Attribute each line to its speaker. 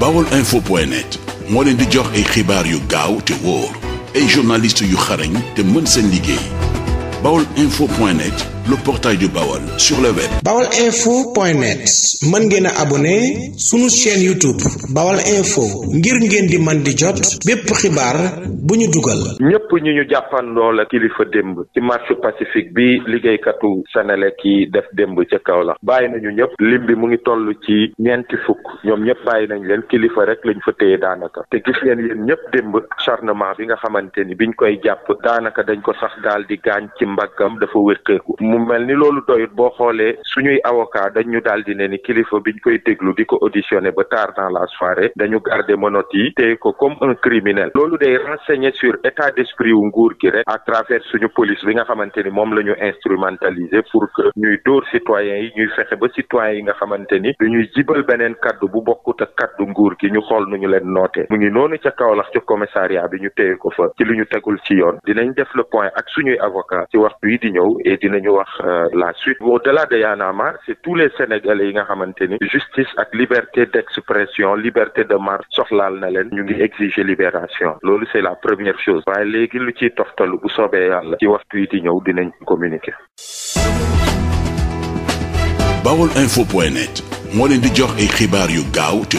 Speaker 1: bawol info point net moo leen di jox ay xibaar yu gaaw te wóor ay journaliste yu xarañ te mën seen liggéey bawol info point net le portail du Baol sur le web.
Speaker 2: baolinfo.net mën ngeen a abonné sunu chaîne YouTube Baol Info ngir ngeen di man di jot bépp xibaar bu ñu dugal.
Speaker 3: ñëpp ñu ñu jàppandoo la kilifa démb ci marche pacifique bi liggéeykatu senele yi def démb ca Kaolack bàyyi nañu ñëpp lim bi mu ngi toll ci ñeenti fukk ñoom ñëpp bàyyi nañ leen kilifa rek lañ fa téye daanaka te gis ngeen yéen ñëpp démb acharnement bi nga xamante ni biñ koy jàpp daanaka dañ ko sax daal di gaañ ci mbaggam dafa wéqeeku. mu mel ni loolu doyut boo xoolee suñuy avocat dañ ñu daal di ne ni kilifa biñ koy déglu di ko auditionné ba tard dans la soirée dañu garder menottes yi téye ko comme un criminel loolu day renseigner sur état d'esprit wu nguur gi rek à travers suñu police bi nga xamante ni moom la ñu instrumentaliser pour que ñuy dóor citoyens yi ñuy fexe ba citoyens yi nga xamante ni dañuy jibal beneen kaddu bu bokkut ak kaddu nguur gi ñu xool nu ñu leen nootee mu ngi noonu ca Kaolack ca commissariat bi ñu téye ko fa lu ñu tegul ci yoon dinañ def le point ak suñuy avocat ci waxtu yi wax euh, la suite au-delà de Y'en a marre c'est tous les Sénégalais yi nga xamante ni justice ak liberté d'expression liberté de marche soxlaal na leen ñu ngi exiger libération loolu c'est la première chose waaye léegi lu ciy toftalu bu soobee yàlla ci waxtu yi di ñëw dinañ
Speaker 1: communiquer. Bawol info point xibaar yu gaaw te